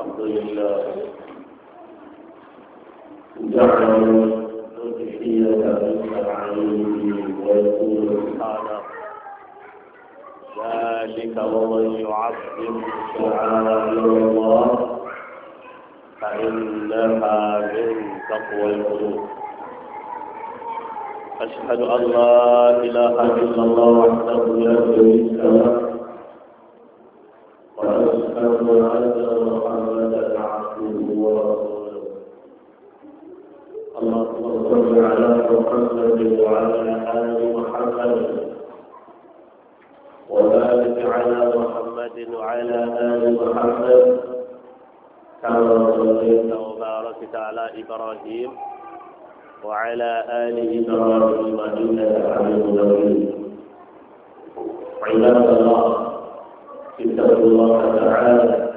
الحمد لله جعل تحيه بالتعليم ويقول سبحانه ذلك ومن يعظم شعائر الله فإنها من تقوى القلوب أشهد أن لا إله إلا الله وحده لا شريك له إبراهيم وعلى آل إبراهيم إنك حميد مجيد عباد الله اتقوا الله تعالى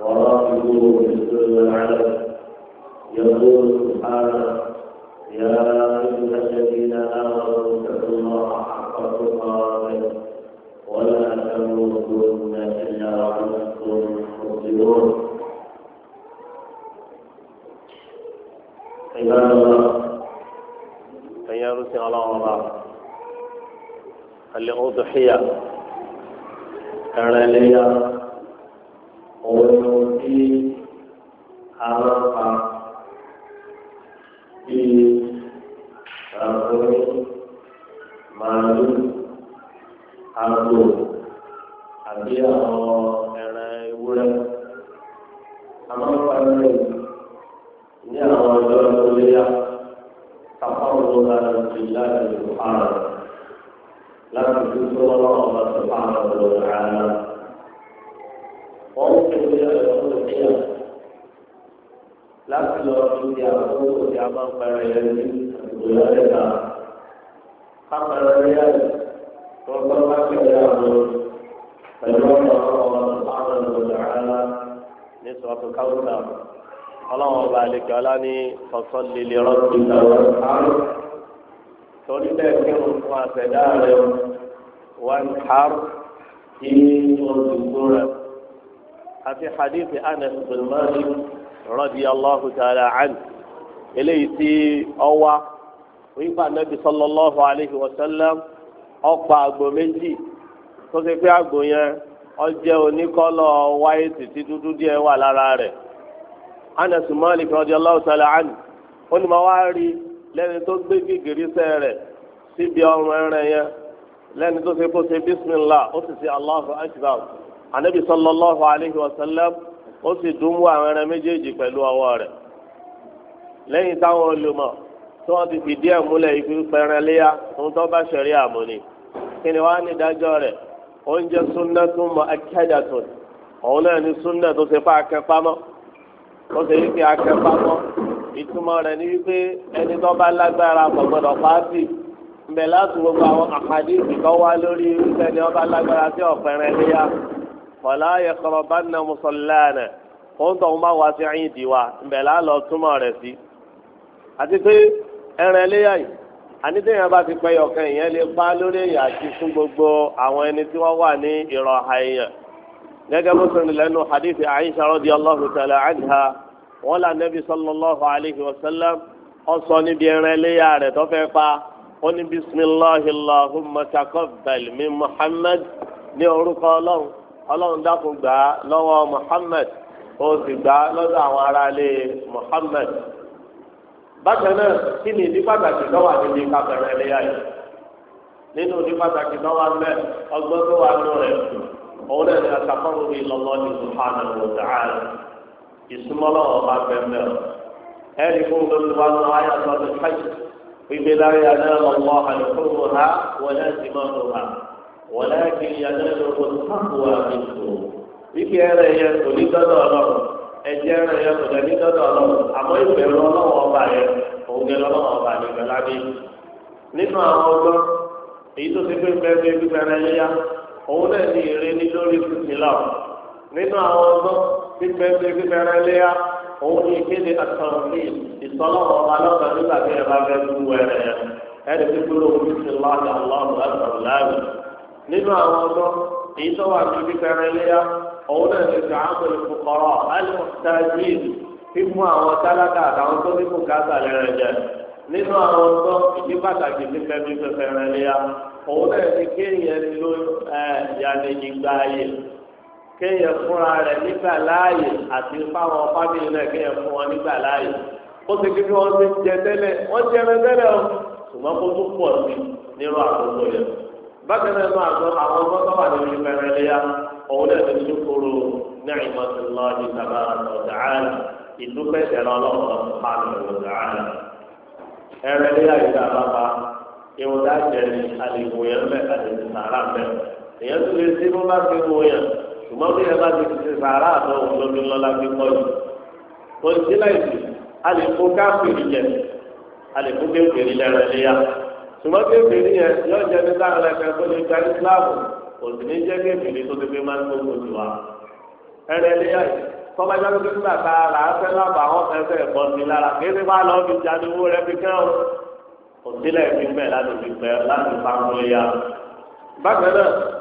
وراقبوه في السر والعلم يقول سبحانه يا أيها الذين آمنوا اتقوا الله حق تقاته ولا تموتن إلا وأنتم مسلمون أن يرسي الله اللي هو ضحية كان لي أول يقول الله سبحانه وتعالى وممكن إلى يوم القيامة láti lọ sí àkókò tí a bá ń para ẹ̀ ní àgbòyà ẹ̀ka kápẹ́rẹ́ ẹ̀yà tó bá bá kẹ́lẹ́ àwọn pẹ̀lú ọ̀nà ọlọ́run ọba àlekè ọlá ní ọ̀sán líle rọ́ọ̀tì ìtàwọn àrùn torí bẹ́ẹ̀ kí wọ́n fún àtẹ̀dá rẹ̀ wọ́n. والحر إن والذكور في حديث أنس بن مالك رضي الله تعالى عنه إليتي أوى ويقع النبي صلى الله عليه وسلم أقبع بمجي فسيقع عقبين ọjẹ́ oníkọ́lọ̀ wáyé títí dúdú díẹ̀ wà lára rẹ̀ Anas Malik radiyallahu ta'ala anhu ó ní ma wá rí lẹ́ni tó gbé gègérísẹ́ rẹ̀ síbi ọrùn ẹran yẹn lẹ́ni tó ṣe kó ṣe bísímìlá ó sì ṣe Allahu akbar anabi sallallahu alayhi wa sallam ó sì dùnmú àwọn ẹran méjèèjì pẹ̀lú ọwọ́ rẹ̀ lẹ́yìn táwọn olùmọ̀ tí wọ́n ti fìdí ẹ̀ múlẹ̀ ìfi pẹran léyà fún tó bá ṣẹ̀rí àmúni kí ni wàá ní ìdájọ́ rẹ̀ oúnjẹ súnná tó mọ akẹ́dàtún òun náà ní súnná tó ṣe fún akẹ́pamọ́ ó ṣe wípé akẹ́pamọ́ ìtumọ̀ rẹ̀ ní wípé ẹni tó bá lágbára kò gbọdọ̀ mbẹ láti gbogbo àwọn àkàdìsì kan wá lórí irúfẹ́ ni ọba lágbára tí ọ̀pẹ̀rẹ̀ léyà fọlá ayẹkọrọ bá nà mùsọ̀láàna fóun tó ń bá wá sí ẹ̀yìn ìdìwà mbẹ lálọ́ túmọ̀ rẹ̀ sí. àti pé ẹ̀rẹ̀ léyà yìí ànídéyàn bá ti pẹ́ yọ̀kan ìyẹn lè pa lórí èyàn àti fún gbogbo àwọn ẹni tí wọ́n wà ní ìrọ̀ha èèyàn. gẹ́gẹ́ bó ṣe rìn lẹ́nu hadithi Aisha radiyallahu ta'ala anha wọ́n là nẹ́bí sallallahu alayhi wa sallam ó níbi ẹ̀rẹ̀ léyà rẹ̀ tó fẹ́ pa ó ní bisimilahi allahumma taqabbal min muhammad ní orúkọ ọlọ́run ọlọ́run dákun gbà á lọ́wọ́ muhammad ó sì gbà á lọ́dọ̀ àwọn aráalé muhammad. bákan náà kí ni ìdí pàtàkì lọ́wọ́ àdébí kábẹ̀rẹ̀ ẹlẹ́yà yìí nínú ìdí pàtàkì lọ́wọ́ abẹ́ ọgbọ́n tó wà nù rẹ̀ òun náà ní asàkọ́rù bíi lọ́lọ́ ní subhanahu wa ta'ala ìsúmọ́lọ́wọ́ bá bẹ́ẹ̀ mẹ́rin ẹ̀rí fún gbogbo wa lọ́wọ́ ayé àtọ́jú بما لا ينال الله لحومها ولا ثمارها ولكن يناله التقوى منكم wíkì ẹrẹ yẹn kò ní dọdọ Ọlọ́run ẹjẹ ẹrẹ yẹn kò ní dọdọ Ọlọ́run àmọ́ ìbẹ̀rù Ọlọ́run ọba yẹn òun yẹn lọ́wọ́ ọba nìkan lábẹ́ nínú àwọn ọgbọ́n èyí tó ti pín pẹ́ẹ́ bíi yíyá òun náà ní ìrè lórí títí nínú àwọn ọgbọ́n pípẹ́ bíi pípẹ́ yíyá òun ní kéde àtọ̀rọ̀lì ìsọ́nà ọ̀la lọ́sọ̀ nígbà tí ẹ bá fẹ́ tú wẹ̀rẹ̀ ẹni tí kúrò ní ti láti aláwọ̀ látọ̀rọ̀ láàyè. nínú àwọn ọjọ́ èyí tó wà ní ibi kẹrin léyà òun náà ti gbà áwọn ìfòkọrọ alimọ̀tájì fífún àwọn tálákà àtàwọn tó ní bùkátà lẹ́rẹ̀ jẹ nínú àwọn ọjọ́ ìdí pàtàkì ti fẹ́ bí fẹ́ léyà òun náà ti kéèyàn kéèyàn fúnra rẹ̀ nígbà láàyè àti fáwọn fámìlì náà kéèyàn fún wọn nígbà láàyè ó ti kí bí wọ́n ti jẹ tẹ́lẹ̀ wọ́n jẹ ẹran tẹ́lẹ̀ o ṣùgbọ́n kó tún pọ̀ sí nínú àkókò yẹn bákan náà máa sọ àwọn ọmọ tó wà nínú ìfẹ́rẹ́ léyà òun náà ti dúkúrú ní ìmọ̀tòlọ́ ní sábà ọ̀dàánì ìdúpẹ́ ìṣẹ̀lẹ̀ ọlọ́run ọ̀dàánì ẹ̀rẹ́ léyà yìí ṣùgbọ́n bí ẹ bá ti ti sàárà àtọ̀ olómi lọ́la fi kọ́ yìí kò sí láìsí a lè kó káfíìrì jẹ a lè kó kékeré lẹ́rọ ẹlẹ́yà ṣùgbọ́n kékeré yẹn yóò jẹ́ ní láàrin ẹ̀ka tó lè gba Islam kò sì ní jẹ́ kékeré tó ti fi máa ń tó kojú wa ẹ̀rọ ẹlẹ́yà yìí tọ́lájà ló ti ń gbà ta là á fẹ́ lábà àwọn fẹ́fẹ́ ẹ̀kọ́ sí lára kí ẹni bá lọ́ọ́ fi jáde rẹ fi kẹ́ ọ. kò sílẹ̀ fi bẹ́ẹ̀ láti fi pẹ́ láti fa ń lóya. bákan náà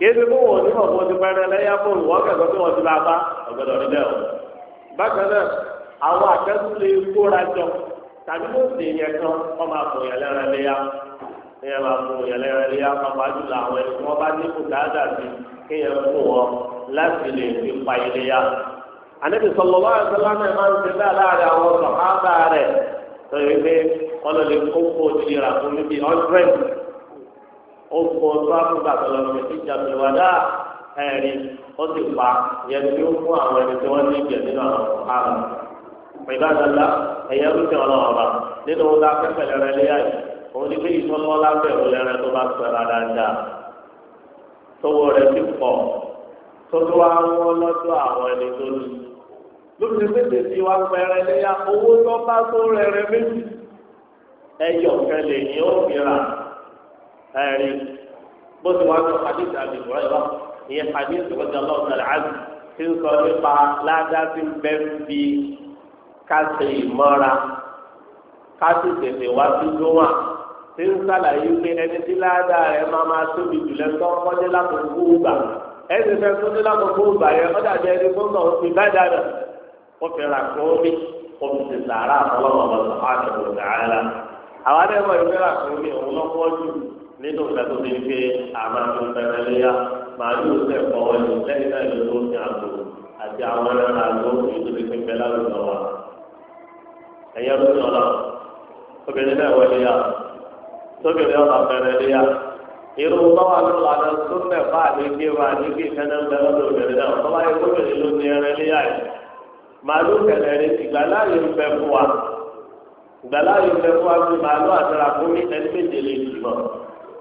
kéde kó wọn onímọ̀ fún ti pẹ́rẹ́ lẹ́yà fún wọn kẹ́kọ̀ọ́ tí wọ́n ti bá bá ọ̀gbẹ́dọ̀ níbẹ̀ o. bákan náà àwọn akẹ́kọ̀ọ́ lè kóra jọ tàbí ló sì yẹ kan kọ́ máa fún yẹn lẹ́rẹ́ lẹ́yà kéèyàn máa fún yẹn lẹ́rẹ́ lẹ́yà pàpà jùlọ àwọn ẹni tí wọ́n bá ní kùtàdà sí kéèyàn fún wọn láti lè fi pa iléyà. àníbi sọlọ́wọ́ àgbẹ̀lá náà máa ń ṣe bẹ́ẹ̀ láàrin àwọn sọ̀hábà rẹ̀ sọ ó kọ ọdún àkùgbà tó lọ sí ìjà tó wà dáa ẹ̀rí ó ti pa yẹn tí ó fún àwọn ẹni tí wọ́n ní ìjẹ nínú àwọn ọ̀hánà pẹ̀lú àdàlà ẹ̀yẹ ló ti ọ̀nà ọ̀rọ̀ nínú wọn lápẹ́ pẹ̀lẹ́ rẹ léyà yìí òun ní pé ìtọ́lọ́ lápẹ́ òun lẹ́rẹ́ tó bá pẹ̀lú àdáńdá tówó rẹ ti pọ̀ tó tó wá wọ́n lọ́dọ̀ àwọn ẹni tó ní lóbi pété tí wá pẹ̀rẹ́ léyà owó tó bá tó rẹ̀rẹ̀ méjì ẹyọ kẹlẹ̀ ni ó fi rà ẹ̀rí bó ti wá sọ hadith àbí ìbúrẹ́lá ìyẹn hadith ìwọ́jà lọ́wọ́ sọ̀rọ̀ àbí ti ń sọ nípa ládàásí bẹ́ẹ̀bí kásì ìmọ́ra wá sí dúnwà ti ń sàlàyé pé ẹni tí ládàá rẹ̀ máa máa tóbi jù lẹ́tọ́ kọ́dé nínú ìgbàgbọ́ mi pé àmàlù ìgbàlẹ́yà màálù tẹ̀ fọwọ́ ní lẹ́yìn náà ló ló ní àgbo àti àwọn ẹran àgbo ìdílé tó ń bẹ lálùbọ̀ wa. ẹ̀yẹ́ ló ní ọ̀la obìnrin náà wọlé yá tóbìnrin ọ̀la ìgbàlẹ́yà irú báwa ló wà lọ tó ń bẹ̀ bá àdéhùn wa ní kí ìkànnì ń bẹ lọ́dọ̀ obìnrin náà báwa yẹ kóbìnrin ló ní ẹran léyà yìí màálù kẹlẹ́rì ìgbàláyè ń ń bẹ fún wa bí màálù àtàrà fún ẹni méje lè jùlọ.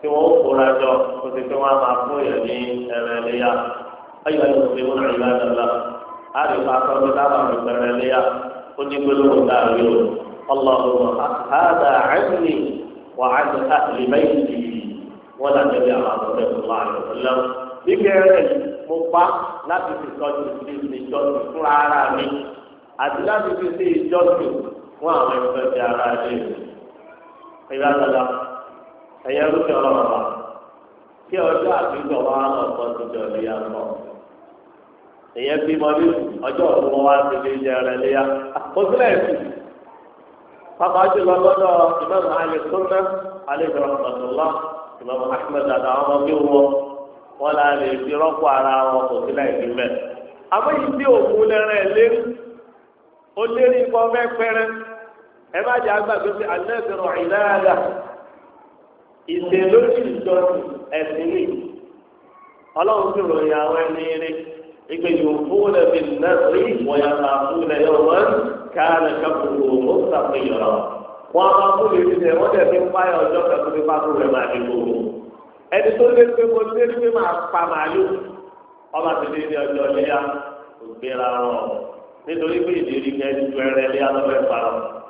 tí wọ́n ó kóra jọ kó ti fi wọn máa fún yẹn ní ẹ̀rẹ̀ léyà ayọ̀ ni òfin wọn àyè láti lọ àti pàtó ní dábàá mi pẹ̀rẹ̀ léyà ó ní gbólóhùn dàrí o ọlọ́run àdá àìní wà á ti àtìlẹ́ bẹ́ẹ̀ni wọ́n là níbi àwọn àbọ̀dẹ̀ tó wà lọ́wọ́ gbígbé rẹ̀ mo pa láti fi tọ́jú sí ìjọsìn fúnra ara mi àti láti fi sí ìjọsìn fún àwọn ìfẹ́ ti ara rẹ̀ ìyá lọ́la ẹ̀yẹ rúkẹ́ ọlọ́run wa kí ọjọ́ àbíkọ wa lọ́pọ̀ tuntun léyà pọ̀ ẹ̀yẹ bímọ ní ọjọ́ òkú wa ti lè jẹ rẹ léyà àkọsílẹ̀ ẹ̀sìn pàpà jùlọ lọ́dọ̀ ìmọ̀mù alẹ́ sọ́nà alẹ́ ìdọ̀rọ̀mọ̀tòlá ìmọ̀mù ahmed àtàwọn ọmọ bí wọn wọn là lè fi rọ́pò ara wọn kò sílẹ̀ ìdílẹ̀ àmọ́ yìí tí òkú lẹ́rẹ̀ lérí ó lérí nǹkan fẹ́ pẹ́rẹ́ ẹ má jẹ́ àgbàgbé pé alẹ́ ìdọ̀rọ̀ ìlẹ́ ìṣèlójú ìjọsìn ẹ̀sìn ni ọlọ́run sì ròyìn àwọn ẹni rí ìpè yòókùn lẹ́bi nẹ́sì wọ̀nyàtà fún ilẹ̀ yorùbá káàlẹ̀ kẹ́kọ̀ọ́ ló ń sàfihàn wọn a máa kúlè ní ẹ̀ wọ́n dẹ̀ fi ń báyọ̀ ọjọ́ kẹ́kọ̀ọ́ nípa tó rẹ̀ máa ní gbogbo ẹni tó lé pé mo lé pé máa pa màálù ọba ti lé ní ọjọ́ léyà ògbéra wọn nítorí pé ìdérí kẹ́ẹ́ ju ẹrẹ́ léyà lọ́fẹ́ pa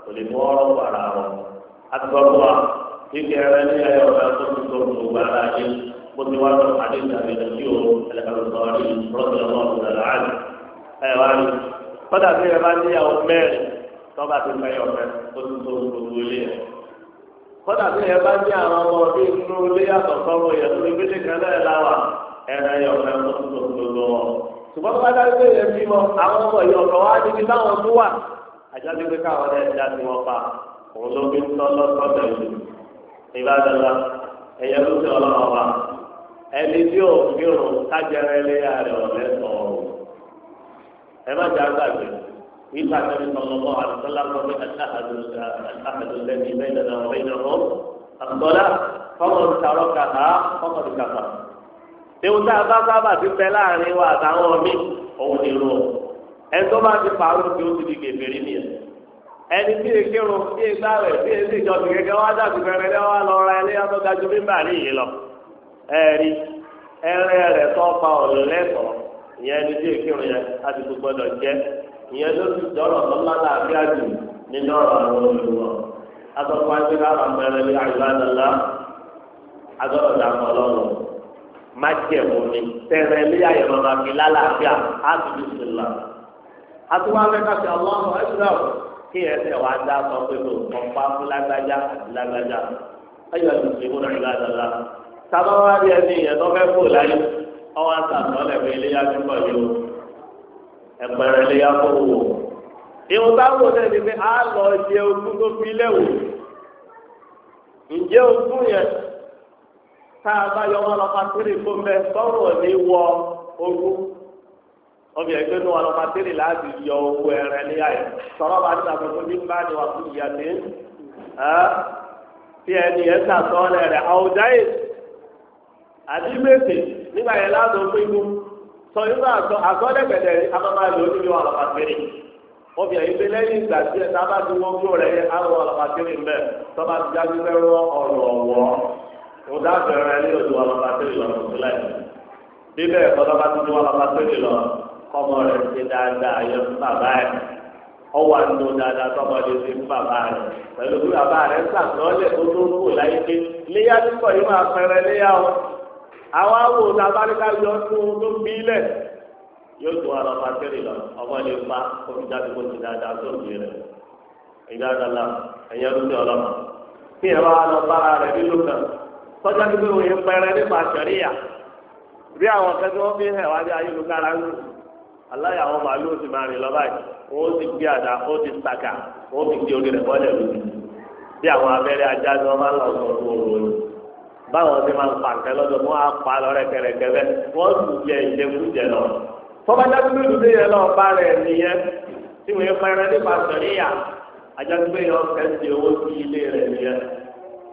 kò lè mú ọ̀rọ̀ wàrà wọn àti gbọ́dọ̀ wa kíkẹ́ ẹ̀rẹ́ ní ẹ̀yọ́ ọ̀gá tó ti tó tó gba láàyè bó ti wá lọ pàdé ìdàgbé lójú o ẹ̀lẹ́kàlùsọ̀rọ̀ ní rọ́bìnrin ọmọ ọ̀gá láàyè. ẹ wá ní kọ́dà bí ẹ bá níyàwó mẹ́rin tọ́ba ti mẹ́ yọ fẹ́ tó ti tó gbogbo ilé ẹ̀. kọ́dà bí ẹ bá ní àwọn ọmọ bí inú ilé yàtọ̀ sọ́wọ́ yẹ tó ibi nìkan náà láwà ẹ̀rẹ́ yọ ìbádọ́lá ẹ̀yẹ ló ti ọlọ́run ọba ẹni tí ò ń gbèrò kájẹrẹ léyà rẹ̀ ọ̀lẹ́ sọ̀rọ̀ ẹ má jà gbàgbé wípé àtẹ̀mí sọlọ́mọ àtúntàlá lọ́wọ́ àtàkàdùnlẹ́ni bẹ́ẹ̀ dáná ọ̀rẹ́ ìnáwó àtúntọ́lá fọwọ́ ìtàrọ́ kàtà fọwọ́ ìkàtà. Ewu tá a bá sábà ti fẹ́ láàrin wa àtàwọn míì òun ni ẹ̀ tó bá ti pàrọ̀ tí ó ti di gèfèrè nìyẹn. ẹni tí èké ro tí ègbà rẹ̀ tí èsì ìjọsìn kẹkẹ wá dàbí fẹrẹ lẹ́wọ́ lọ ra ẹlẹ́yà tó ga ju bímbà ní yìí lọ ẹ̀rí ẹrẹ rẹ̀ tó pa ọ̀lẹ́tọ̀ ìyẹn ẹni tí èké ro yẹn láti jẹ́ ìyẹn ló ti dọ́rọ̀ lọ́lá làbíà nínú ọ̀rọ̀ àwọn olùwọ̀ tẹ̀rẹ̀ ní lálàáfíà á ti dùn sí la. kí ẹsẹ̀ wa dá sọ pé kò ọ̀pá fún lágbájá lágbájá ayọ̀ ló ti múná ìlú àdàlà sábà wá rí ẹni ìyẹn tó fẹ́ kó láyé ọwọ́ àtàkọ́lẹ̀ pé iléyà ti pọ̀ yìí o ẹ̀pẹ̀rẹ̀ iléyà kó wò ó. ìwọ̀n bá wò lẹ́ni pé a lọ ṣe ogún tó fi lẹ́wọ̀ ǹjẹ́ ogún yẹn tá a bá yọ wọn lọ fa kiri fún bẹ́ẹ̀ sọ̀rọ̀ ní wọ ogún ọbẹ̀ ẹgbẹ́ ní wọn ọba tẹ́lẹ̀ láti yọ owó ẹ̀rẹ́ ní ayé sọ̀rọ̀ bá nígbà tó kó ní bá ní wà fún ìyá ní tí ẹni yẹn ta sọ ọ́nà rẹ̀ àwùjá yìí àti mèsì nígbà yẹn láti ọgbẹ́ inú sọ inú àtọ àgọ́dẹ̀gbẹ̀dẹ̀ amáma lò ní yọ ọ̀lọ́pàá tẹ́lẹ̀ ọbẹ̀ ẹgbẹ́ lẹ́yìn ìgbà tí ẹ sábà ti wọ́n gbó rẹ̀ yẹ àwọn ọ̀lọ́pàá tẹ́lẹ̀ mbẹ́ tọ́ba ti já gbígbẹ́ rọ ọ̀rọ̀ ọ̀wọ́ ọ̀dà bẹ̀rẹ̀ ní ọ̀dọ̀ ọ̀lọ́pàá tẹ́lẹ̀ kọ́mọ rẹ̀ ṣe dáadáa yọ fún bàbá rẹ̀ ọwọ́ àdó dáadáa tọ́mọ rẹ̀ ṣe fún bàbá rẹ̀ pẹ̀lú bí bàbá rẹ̀ ṣàtọ́lẹ̀ tó tó kù láyé pé léyà tí kò yí máa fẹ́rẹ̀ léyà o àwọn awò tabaríkà yọ tún tó bí lẹ̀ yóò tún ara máa tẹ́lẹ̀ lọ ọmọ lè fa omi jáde kó ti dáadáa tó ti rẹ̀ ìdáadáa ẹ̀yẹ lóde ọlọ́mọ kí ẹ bá lọ bá rẹ̀ nínú kan tọ́jà tó gbé òye pẹrẹ nípa àṣẹríyà bí àwọn kẹ́kẹ́ wọ́n fi wájú ayélujára ń lò aláya àwọn màálùú ti máa rìn lọ báyìí wọn ó ti gbé àdá ó ti sàkà wọn ó ti gbé orí rẹ̀ bọ́lẹ̀ lójú bí àwọn abẹ́rẹ́ ajá ni wọ́n máa ń lọ sọ fún òru ni báwọn ti máa ń pa nǹkan lọ́dọ̀ wọn á pa lọ rẹ́kẹrẹkẹ bẹ́ẹ̀ wọ́n sì jẹ ìjẹkújẹ lọ. tọ́bajá dúdú dúdú yẹn lọ bá rẹ̀ nìyẹn tí wọ́n pẹ́rẹ́ nípa sẹ̀ríyà ajá dúdú yẹn kẹ́sì owó sí ilé rẹ̀ nìyẹn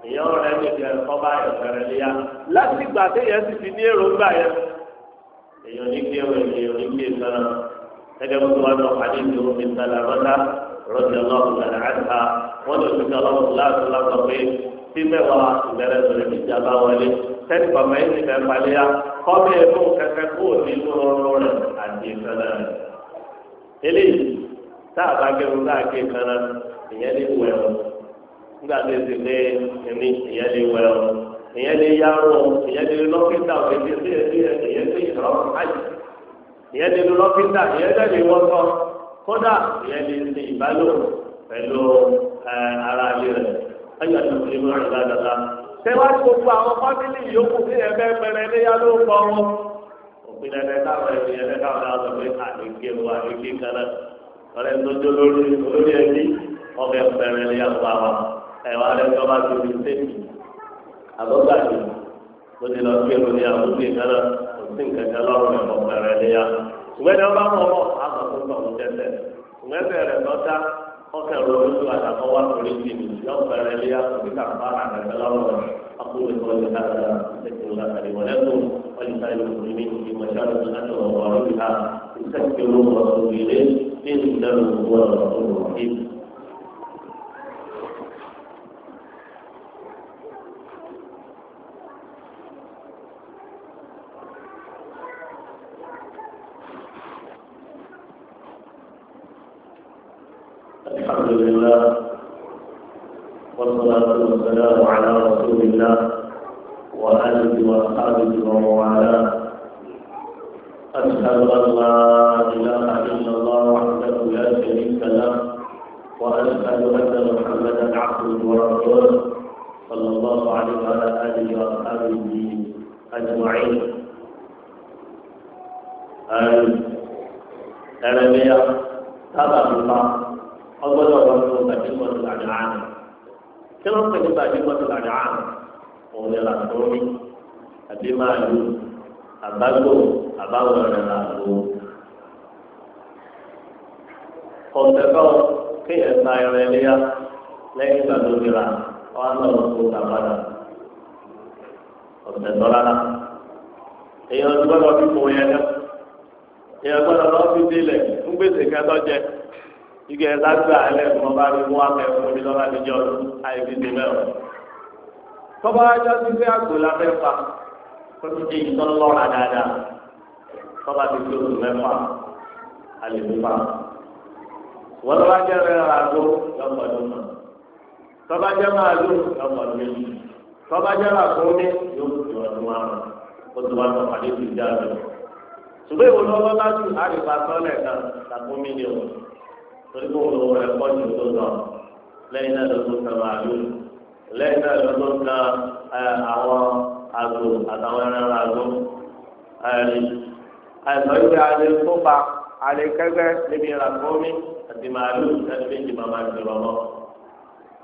èèyàn rẹ̀ nìyẹn kọ́ ẹ̀fẹ̀rẹ̀ léyà láti gbà téèyàn sì fi ní èròǹgbà yẹn èèyàn ní gbé wẹ̀ èèyàn ní gbé sára gẹ́gẹ́ bó wà lọ àdé ìlú omi sára rọ́dá rọ́dí ọlọ́run lára àtà wọ́n lọ sí ọlọ́run láti lọ́sọ pé tí mẹ́wàá ìbẹ̀rẹ̀ sọ̀rọ̀ ní ìjàmbá wọlé tẹ́tí bàbá yìí ti fẹ́ palẹ́yà kọ́bí ẹ̀fọ́ kó o ní inú ọrọ̀ àti ìfẹ́lẹ́ eléyìí tá a bá gẹrun náà ké kan náà ìyẹn lè wẹ̀ ọ́ nígbà tó ti pé èmi ìyẹn lè wẹ̀ ọ́ èyàn lè yarò èyàn lè lọ́kítà òkèdè sí ẹbí èyàn lè yọrọ àjì èyàn lè lọ́kítà èyàn lè wọ́tọ́ kódà èyàn lè ṣe ìbálò pẹ̀lú ara ilé rẹ̀ ayọ̀ tó ti mú àrùn dáadáa. tẹ́wá gbogbo àwọn fámìlì yòókù sí ẹgbẹ́ pẹrẹ léyà ló ń bọ̀ wọn. òfin ẹ̀rẹ́ táwọn ẹ̀mí ẹ̀rẹ́ káwọn náà sọ pé àdéhùn ẹ̀rọ àdéhùn kan náà ọ̀rẹ́ tó jó lórí olórí ẹbí ọ̀fẹ́ pẹrẹ léyà ń bá wa ẹ̀wà rẹ̀ tó bá tóbi sẹ́yìn àbọ̀gbà tó o ti lọ sí ẹ̀rọ ní àbúté kanáà kò sí nǹkan kan lọ́rùn ẹ̀ ọ̀pọ̀ ẹ̀rẹ̀ ni ya. ìgbẹ́ni ọba mọ̀ ọ́ àgbà tó tọ̀ ọ́ tẹ́tẹ́ ìgbẹ́sẹ̀ rẹ̀ lọ́ta ọkẹ́ rẹ̀ olóṣù àtàkọ́ wà lórí ti mi ọ̀pọ̀ ẹ̀rẹ̀ ni ya kò sí kàkọ́ àgbẹ̀ lọ́rùn ẹ̀ أقول قولي هذا أستغفر الله لي ولكم الحمد لله والصلاة والسلام على رسول الله وآله وأصحابه ومن والاه أشهد أن لا إله إلا الله وحده لا شريك له وأشهد أن محمدا عبده ورسوله صلى الله عليه وعلى آله وأصحابه أجمعين. أنا أنا tó bàjẹ́ mọ́tò làdá òun ni làtọ́ mi àbí máa lu àbágbò àbáwọn ọ̀rẹ́ làtọ́. ọ̀sẹ̀ kan kéèyàn ta ẹran ẹlẹ́yà lẹ́yìn ìgbà tó nira wọn náà lọ kó ta padà ọ̀sẹ̀ tọ́ rárá. èèyàn gbọ́dọ̀ fi kún yẹn náà èèyàn gbọ́dọ̀ lọ́ọ́ fi délẹ̀ ń gbèsè kẹ́tọ́ jẹ ike lágbà alẹ mọ bá mi mú akẹ fún mi lọ́ba mi jọ àìsí ti bẹ́ẹ̀ o. tọ́ba ajá ti gbé àgbò lábẹ́ fa tó ti di ìtọ́ lọ́ra dáadáa tọ́ba ti gbé oṣù mẹ́fà alẹ́ mi fa. wọ́n lọ́ba jẹ́ rẹ̀ àgbo lọ́pọ̀ ọdún náà tọ́ba jẹ́ máa lò lọ́pọ̀ ọdún méjì tọ́ba jẹ́ máa fún mi yóò fi ọdún márùn-ún ó ti wá sọ pàdé ti dáa ṣùgbọ́n ìwòlọ́wọ́ torí kó wọ́n wọ́n ẹ̀kọ́ ju tó lọ lẹ́yìn náà lọ́dún kan màálù lẹ́yìn náà lọ́dún kan àwọn àgbò àtàwọn ẹran àgbò ẹ̀rí àìsàn ìwé alẹ́ kópa alẹ́ kẹgbẹ́ níbi ìrànkómi àti màálù ẹni méjì màmá ìjọba mọ́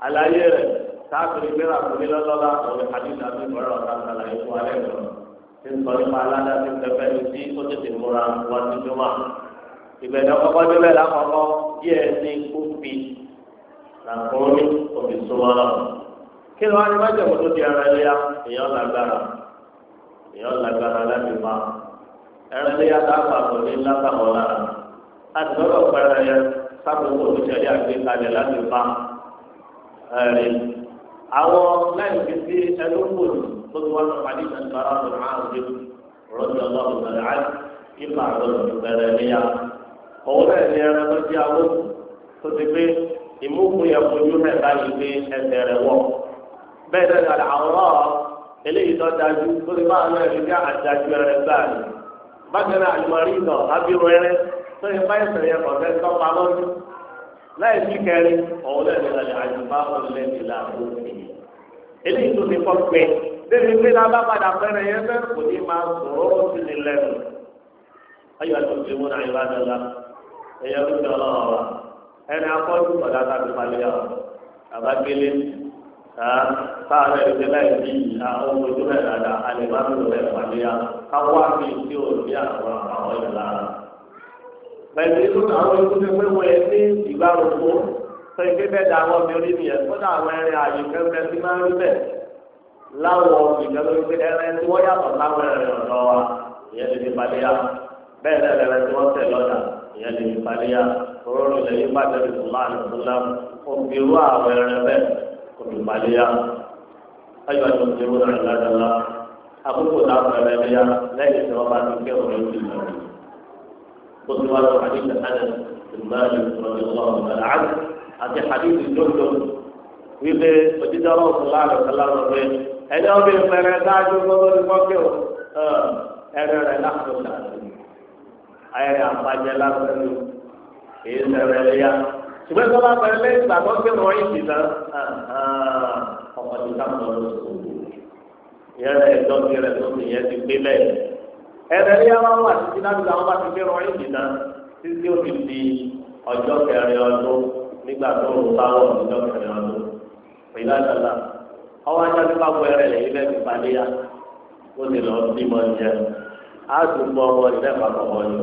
àlàyé rẹ̀ sáàtúrì gbéra kùnmí lọ́lọ́lá àwọn àdìsá tó gbọ́dọ̀ ọ̀tá sàlà ikú alẹ́ lọ. Ṣé ń sọ nípa aládá ti pẹpẹ ní tí ó tètè múra wá sí Jọ́mà? Ìbẹ̀dẹ̀ ọkọ̀ débẹ̀ lákọ̀ọ́kọ́ bí ẹni kó fi làkàn ní òbí súnmọ́ náà kí ló wá ní májèmó tó di ara ẹlẹ́yà èèyàn lágbára èèyàn lágbára láti máa ẹran ẹlẹ́yà tá a fà tó ní látàwọn lára láti lọ́dọ̀ pẹ́rẹ́ yẹn sábòkò tó ṣẹlẹ̀ àgbékalẹ̀ láti máa ẹ̀rí àwọn láì fi sí ẹlòmíràn tó ti wá lọ pàdé ìgbàlódé ọ̀rọ̀ ìgbàlódé ọ̀rọ̀ ìgbàlódé ìgbà àgbọ̀dọ̀ pẹ́rẹ́ ẹlẹ́yà. òun náà ní ẹran tó jẹ́ awó tó ti pé ìmúkun yẹn fojú rẹ̀ báyìí pé ẹsẹ̀ rẹ̀ wọ̀ bẹ́ẹ̀ náà kàdà àwòrán eléyìí tó dájú tó ti bá àwọn ẹ̀rí ká àdájú ẹrẹ gbáà ni bákan náà àlùmọ́rí ìtàn abirun ẹrẹ tó yẹ bá ẹsẹ̀ yẹn kọ̀ọ̀fẹ́ tó pa lọ́dún láì sí kẹrin òun náà ní kàdà àjùbá ọ̀lẹ́ni ẹ̀yẹ tó ti ọlọ́wọ́ wa ẹni akọ́jú ọ̀dà tàbí palẹ̀ ọ̀ àbákélé sáàrẹ̀ ìdílé ìdí àwọn ojú rẹ̀ dáadáa alẹ́bàbí rẹ̀ palẹ̀ ọ̀ káwọ́ àfi tí ò ní àwọn àwọn ìlà rẹ̀. pẹ̀lú inú àwọn ikú ti pé wọ́n ní ìgbà òkú pé kí bẹ́ẹ̀ da àwọn obìnrin nìyẹn kódà àwọn ẹrin àyè kẹfẹ́ ti máa ń bẹ̀ láwọn ìgbàlódé ẹrẹ tí wọ́n yàtọ̀ ìyẹn lè fi paríyá rọrùn lè fi pàṣẹ ìṣúná àdìsúná òbí wà àwọn ẹrẹ bẹ́ẹ̀ kò fi paríyá ayọ̀ àti òbí wúrà ńláńlá àkókò táwọn ẹrẹ bẹ́ẹ̀ yá lẹ́yìn tí wọ́n bá ti kẹ́rù ló ti lọ. ó ti wá lọ àdìsí àdìsí ìmọ̀lẹ́ ìṣòro àti àdìsí jọ́jọ́ wípé òjijì ọlọ́run láàrín ọ̀sán pé ẹni ọ̀bẹ ìfẹ̀rẹ̀ dájú lọ́wọ́ ní mọ́kẹ́ ẹ̀rẹ̀ rẹ̀ láti ọ̀sán ayẹyẹ àpàjẹ lásán ni èyí sẹrẹ léyà ṣùgbọ́n sọ́ba pẹ̀lú lẹ́yìn ìgbà tó ti rọ ìdì náà ọmọ ti ká mọ̀ lọ sùn yẹn rẹ̀ ẹ̀dọ́ ti rẹ̀ tó ti yẹn ti gbé lẹ̀ ẹ̀rẹ̀ léyà wá wà títí láti làwọn bá ti fi rọ ìdì náà títí ó fi di ọjọ́ kẹrin ọdún nígbà tó ń sáwọ̀ ọjọ́ kẹrin ọdún ìlànà ọwọ́ ajá tó bá wọ ẹrẹ̀ lẹ́yìn bẹ́ẹ̀ ti paléyà ó ti lọ bímọ jẹ á tún bọ́ ọmọ ìlẹ́ẹ̀kọ́ ọmọ yìí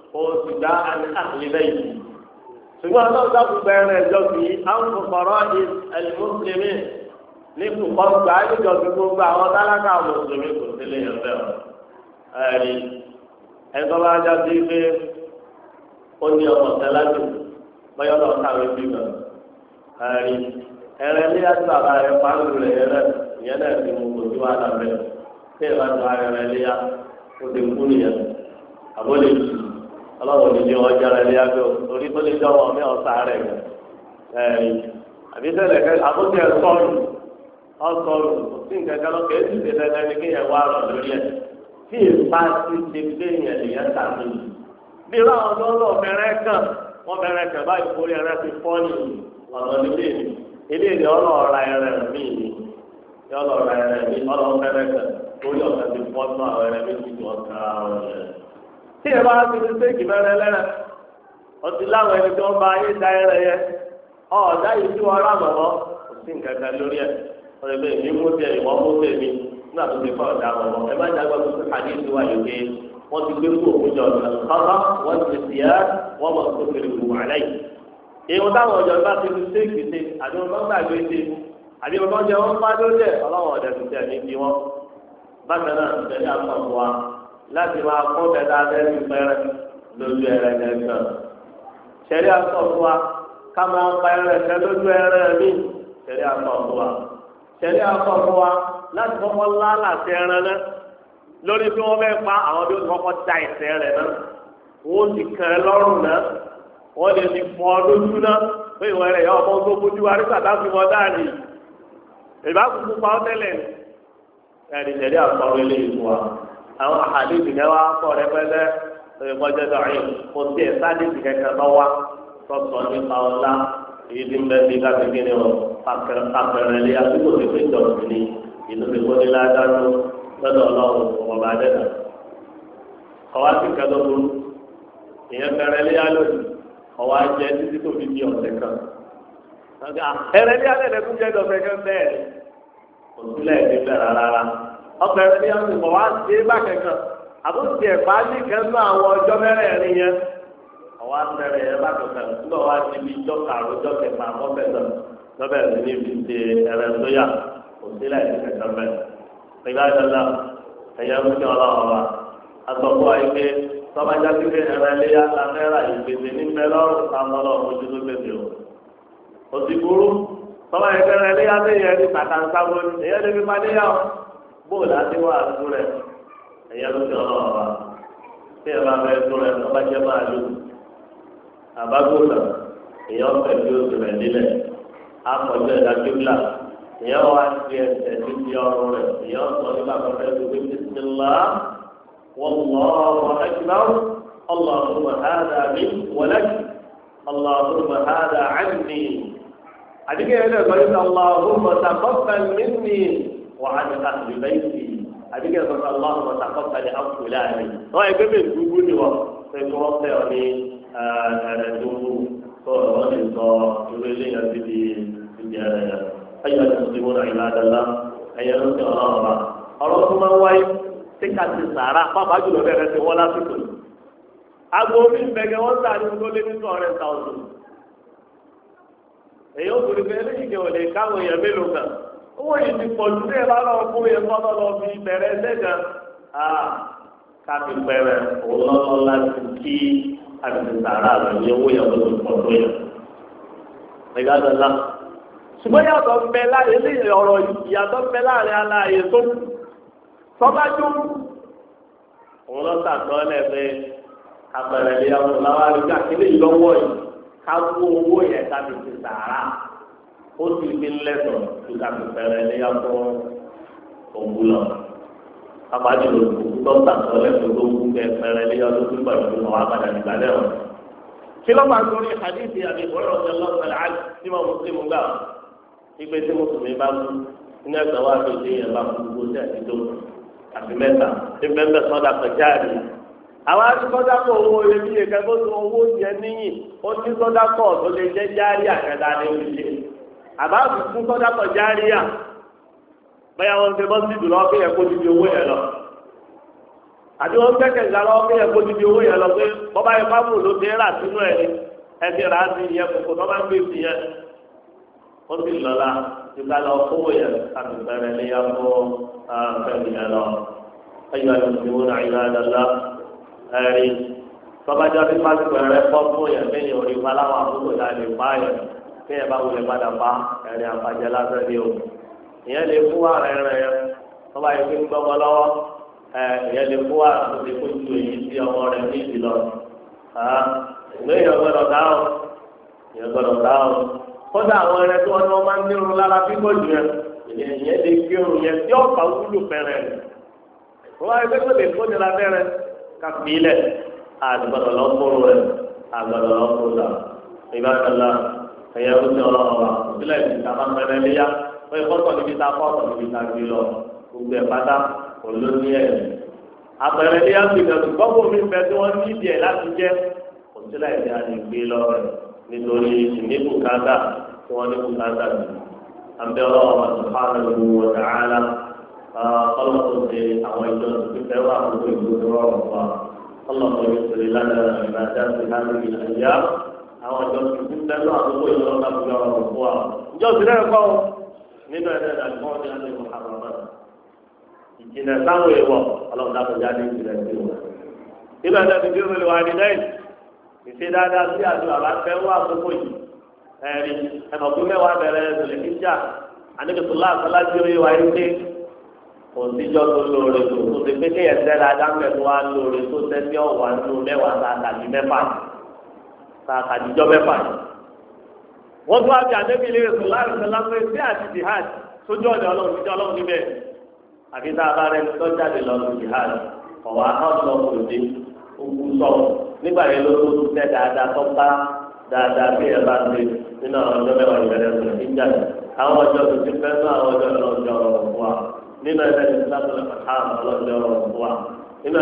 oṣù dá àlìbẹ́ yìí. ṣùgbọ́n ọlọ́run dábò bẹ̀rẹ̀ ẹjọ́ bí àǹfọ̀fọ̀rọ̀ ẹ̀lìmùsùlùmí ní kùkọ́ gbà ẹjọ́ bí gbogbo àwọn tálákà mùsùlùmí kò sílé yẹn bẹ́ẹ̀ ẹ̀rí ẹ̀tọ́ bá já sí pé ó ní ọmọ tẹ́lájú báyọ̀ lọ káwé bí mọ̀ ẹ̀rí ẹ̀rẹ́ ní láti bàbá rẹ̀ pàǹdù rẹ̀ yẹn náà ìyẹn náà ti mú kò sí wàhálà bẹ́ẹ̀ tí ìbátan ọlọ́run ní ní ọjà rẹ̀ lé abẹ́ orí tó lè dánwọ́ mi ọ̀sà rẹ̀ ẹ̀yìn àbí sẹ́lẹ̀ kẹ́ àbókè ẹ̀sọ́rù ọ̀sọ̀rù sí nǹkan kan lọ́kẹ́ èsì ti dandan ní kéèyàn wá rọ̀ lórí ẹ̀ tí ìfá ti ti kéèyàn lèyàn tàbí bí láwọn tó ń lọ fẹ́rẹ́ kàn wọ́n fẹ́rẹ́ kàn báyìí kórè ẹ̀rẹ́ ti fọ́ ní ọ̀nà nílé mi ilé ìdí ọlọ́ọ̀ra ẹ̀rẹ́ mi ni ọlọ́ọ̀ra ẹ̀rẹ́ mi ọlọ́ọ̀fẹ́rẹ́ kàn lórí ọ̀sẹ̀ ti fọ́ tí ẹ bá ti fi séèkì lẹ́rẹ̀ ọtí láwọn ẹni tó ń bá ayé da ẹrẹ yẹ yìí tí wọ́n rà kò sí nǹkan kan lórí ẹ̀ mú tẹ ìwọ́n mú tẹ mi nígbà tó ti fọ́ ẹ má dàgbà tó ti hàdí ìlú wa yòókè wọ́n ti gbé kú òkúta ọ̀dà wọ́n ti ti yá wọ́n mọ̀ tó láti máa kó bẹ̀rẹ̀ abẹ́rẹ́ ìpẹ́rẹ́ lójú ẹ̀rẹ́ nẹ́sọ̀. Ṣẹ̀rí àtọ̀ fún wa ká máa ń pa ẹ̀rẹ́ ẹ̀sẹ̀ lójú ẹ̀rẹ́ mi. Ṣẹ̀rí àtọ̀ fún wa. Ṣẹ̀rí àtọ̀ fún wa láti kọ́kọ́ lálàsẹ̀ ẹran náà lórí bí wọ́n fẹ́ pa àwọn bí wọ́n kọ́kọ́ da ẹ̀sẹ̀ rẹ̀ náà. Wọ́n ti kàn ẹ́ lọ́rùn náà. Wọ́n lè ti fọ́ lójú náà pé ìwọ rẹ̀ yọ àwọn àdéhùn yẹn wá pọ̀ rẹpẹtẹ ìkọjọ dọ̀rin kò sí ẹ̀sá àdéhùn kẹkẹ bá wá tọ́sọ̀ nípa ọ̀la èyí ti ń bẹ́ẹ̀ bí káfí kíni o pàpẹrẹ lé àdúgbò tó fi dọ̀tí ni ìlú ti wọlé ládàánú lọ́dọ̀ ọlọ́run ọ̀bà dẹ́nà. kọ́wá sì kẹ́ lóburú ìyẹn pẹrẹ lé alóòdì kọ́wá jẹ títí tó fi di ọ̀sẹ̀ kan. Ah, ẹrẹ lé alẹ́ lẹ́kún jẹ́ dọ̀fẹ́ kẹ́ bẹ́ẹ̀ kò sílẹ̀ ní ọkọ̀ ẹ̀rọ ní ọdún mọ̀ wá sí bákẹ́kàn àbúrò ẹ̀fà ní kẹ́nu àwọn ọjọ́ mẹ́rẹ̀ẹ̀rin yẹn ọwọ́ àtẹ̀rẹ̀ ẹ̀ bákẹ́kàn nígbà wá sí ibi ìjọ kàrún ìjọ kẹfà mọ́fẹ́sàn lọ́bẹ̀ rẹ̀ ní ibi ti ẹ̀rẹ̀ tó yà kò sílẹ̀ ìkẹ̀kẹ̀ bẹ́ẹ̀. ìgbà ìdọ́lá ẹ̀yẹ ń fi ọlọ́run wa àtọ̀kọ́ àìpé tọ́bajá sí pé ẹ̀rẹ̀ iléyà lámẹ́rà ìgbèsè ní mẹ́lọ́rùn sámọ́lọ́ ojú tó gbèsè o. òsì burú tọ́bajá ẹ̀rẹ̀ iléyà lè yẹ ní bàtà ń sáwọn ẹ̀yẹ́ lè fi padé yà ọ́. bóòlù àti wà àtú rẹ̀ ẹ̀yẹ ló ti ọ̀rọ̀ ọ̀rọ̀ tí ẹ bá fẹ́ tó rẹ̀ lọ́ba jẹ́ máa lò àbágòlà èyí ọ̀fẹ́ bí oṣù rẹ̀ nílẹ̀ akọ̀jọ ẹ̀dá kíbla èyí ọ̀wá ti e ba fe to re loba je maa lo abagola eyi ofe bi osu re nile akojo eda kibla eyi a ti ese ti di oro rẹ̀ èyí ọ̀sọ̀ nígbà kan fẹ́ tó wípé ti ti lọ wọ́n lọ́ ọ̀rọ̀ ẹ̀kíláwó اللهم هذا من ولك اللهم هذا عني عليك يا اللهم تقبل مني وعن أهل بيته أبيك يقول الله وتقبل عن فلان رأي كم يقول لي وقت في أيها المسلمون عباد الله أيها المسلمون ọlọ́run máa ń wáyé tíkà ti sàárà pápá jùlọ bẹ̀rẹ̀ ti wọ́n lásìkò agbo omi ìgbẹ́gẹ́ wọ́n sà ní tó lé nínú ọ̀rẹ́ tàwọn èyí ó kúrò pé eléyìí ni ò lè káwọn èèyàn mélòó kan owó yìí ti pọ̀ jù bẹ́ẹ̀ bá lọ kó yẹ kọ́ lọ fi bẹ̀rẹ̀ sẹ́gàn káfí bẹ̀rẹ̀ òlọ́lọ́ láti kí àtìsàrà rẹ̀ ní owó yẹn lọ́dún pọ̀ tó yẹ. Ẹ̀gá dọ̀lá. Ṣùgbọ́n yàtọ̀ ń bẹ láàrin eléyìí ọ̀rọ̀ ìyàtọ̀ ń bẹ láàrin aláàyè tó kù. Tọ́ba jó Òun lọ sàtọ́lẹ̀ pé àpẹẹrẹ ìyàwó làwọn àríkà kílè yìí ká ó sì fi lẹ́sọ̀ tó ká fi fẹ́rẹ́ léyà fún òǹbù lọ. Apájú ló kú dọ́kítà sọ lẹ́sọ̀ tó kú kẹ́ fẹ́rẹ́ léyà tó kú pẹ̀lú tó wà padà nígbà lẹ́wọ̀n. Kí ló máa sọrí hadithi àbí ìbọ̀rọ̀ ọ̀sẹ̀ lọ́sọ̀lá tí mo mú sí mu gbà? Ipe tí mo sùn mí bá mú ní ẹgbẹ́ wa tó dé ẹ̀ bá mú gbogbo sí àti àti Àwọn asọ́dà owó iyebíye kẹ́kọ̀ọ́ tó owó jẹ níyì, ó ti sọ́dà tó lè jẹ́ járí àkẹ́dá ní orílẹ̀ àbáàbù fún sọ́dátọ̀ járíà bẹ́ẹ̀ wọ́n fẹ́ bọ́sí jù lọ́wọ́ fẹ́yẹ̀ kó dìde owó yẹn lọ àti wọ́n fẹ́kẹ̀ gbà lọ́wọ́ fẹ́yẹ̀ kó dìde owó yẹn lọ pé bọ́bá yẹn fáwọn olóde rà sínú ẹ̀ ẹ̀fẹ̀ rà sí yẹn kòkò tó bá ń gbé sí yẹn ó sì lọ́la ìgbà lọ owó yẹn àti bẹ̀rẹ̀ ní yà fún fẹ́mi yẹn lọ ayọ̀ àlùmíwò náà bí ẹ bá wulẹ̀ padà pa ẹ̀rìn àpàjẹ lásán ni o ìyẹn lè fún wa rẹ̀ rẹ̀ wọ́n bá yẹ kí n gbọ́mọ lọ́wọ́ ìyẹn lè fún wa tó ti kó ju èyí sí ọmọ rẹ̀ ní ìdìlọ́ ìlú èèyàn gbọ́dọ̀ dáhùn èèyàn gbọ́dọ̀ dáhùn kódà àwọn ẹrẹ tí wọn ní wọn máa ń nírun lára pípọ̀ jù ẹ ìyẹn lè gé òun yẹn tí ọ̀pá wúlò fẹ́rẹ̀ wọ́n bá yẹ kí n lè fún ni lábẹ́rẹ́ káfíńlẹ̀ àgbàdo lọ́kùnrin rẹ̀ àgbàdo lọ́kùnrin rẹ̀ ìbáṣẹ́ náà. ẹ̀yẹ ó ti ọlọ́run wa òbílẹ̀ ìbí ta máa ń bẹ̀rẹ̀ léyà ó yẹ kọ́tọ̀ níbi ta kọ́tọ̀ níbi ta gbé lọ gbogbo ẹ̀ pátá olóní ẹ̀ àpẹẹrẹ léyà ti dẹ̀ gbọ́gbọ́ mi fẹ́ tí wọ́n ní ìdíẹ̀ láti jẹ́ òbílẹ̀ ìbí a lè gbé lọ rẹ̀ nítorí ìní bùkátà tí wọ́n ní bùkátà mi àbẹ̀ ọlọ́run wa subhanahu wa ta'ala ọlọ́run ti àwọn ìjọ ìfẹ́ wà gbogbo ìgbòho rọrùn wa ọlọ́run ti lè lánàá ìbàdàn ti lánàá ìlànà àwọn ọ̀dọ́ tuntun bẹ́ẹ̀ lọ́wọ́ àdúgbò yìí lọ́wọ́ láti lọ́wọ́ lọ́wọ́ fún wa. ǹjẹ́ òsì náà kọ́ nínú ẹ̀rẹ́ ìdájọ́ wọn ni a lè mọ àwọn ọmọ ìjìnlẹ̀ sáwọn èèwọ̀ ọlọ́run dákọ̀ já ní ìjìnlẹ̀ sí wọn. nínú ẹ̀rẹ́ ti bí òmìnira wàá nílẹ̀ ìṣe dáadáa sí àdúrà bá fẹ́ wá àkókò yìí ẹ̀rí ẹ̀mọ̀ pé mẹ́wàá bẹ̀rẹ̀ ẹ̀sùn ìjà àníkùtù láàbù láti rí wa yìí pé tó lóore tó tó ti pé kéèyàn tẹ́lẹ̀ adámẹ́tò wa lóore tó tẹ́ sí ọ̀wà mẹ́wàá tàbí mẹ́fà kàkà jíjọ mẹ́fà yìí. wọ́n tún àti àdébí ilé rẹ̀ sọ̀rọ̀ láti sọ̀rọ̀ láti sí àti jihad sójú ọ̀dẹ ọlọ́run jíjọ ọlọ́run níbẹ̀. àfi tá a bá rẹ lọ jáde lọ sí jihad ọ̀wá ọ̀dọ́ òde ogun sọ nígbà yẹn ló tó tẹ dáadáa tó bá dáadáa bí ẹ bá ti nínú àwọn ọjọ́ mẹ́wàá ìbẹ̀rẹ̀ sọ̀rọ̀ níjà àwọn ọjọ́ tó ti fẹ́ fún àwọn ọjọ́ ọlọ́jọ́ ọ̀rọ̀ fún nínú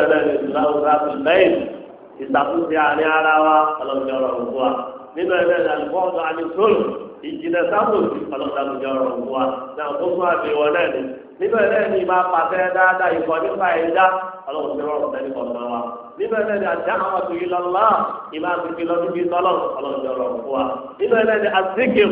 ẹ̀rẹ́ ìṣàkóso àárín ara wa ọlọ́dún ọ̀rọ̀ òkú wa nínú ẹgbẹ́ ìdàlùkọ́ ọ̀dọ̀ àdìsóòlù ìjìnlẹ̀ sábòsì ọlọ́dún àdìjọ́ ọ̀rọ̀ òkú wa náà tó fún àbí náà ni nínú ẹgbẹ́ ní máa pàṣẹ dáadáa ìkọ̀ nípa ẹ̀dá ọlọ́dún ti rọrùn sẹ́ni kọ̀ọ̀kan wa nínú ẹgbẹ́ ní àjá àwọn àti ìlọlá ìmá àti ìlọ níbi tọ́lọ̀ ọlọ́dún ọ̀rọ̀ òkú wa nínú ẹgbẹ́ ní azíkìm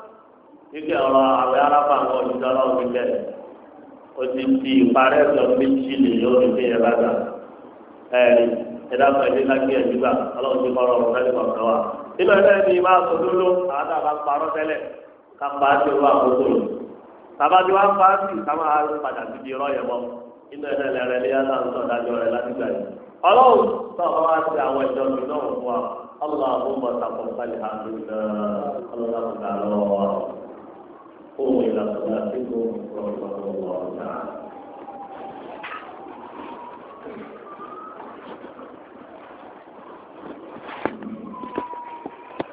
nígbà ọ̀rọ̀ àwẹ̀ arábà àwọn olùdó ọlọ́run nílẹ̀ o ti di ìparẹ́ ẹ̀sọ́ méjì lè yọ ìdí yẹn lága ẹ̀rí ẹ̀dá pẹ̀lú lágbé ẹ̀ nígbà ọlọ́run ti kọ́ ọ̀rọ̀ fẹ́lẹ́ kọ̀ọ̀kan wa. nínú ẹ̀rẹ́ mi máa sọ lóló àwọn tá a bá parọ́ tẹ́lẹ̀ ká pa á ti rú àkókò lò tàbá ti wá pa á sì ká máa padà sí di ọlọ́yẹ̀ mọ́ nínú ẹ̀rẹ́ rẹ̀ lé yàtọ̀ ń sọ̀ dájọ́ rẹ̀ láti gbà yìí. ọlọ́run tó قوموا إلى صلاتكم رحمه الله تعالى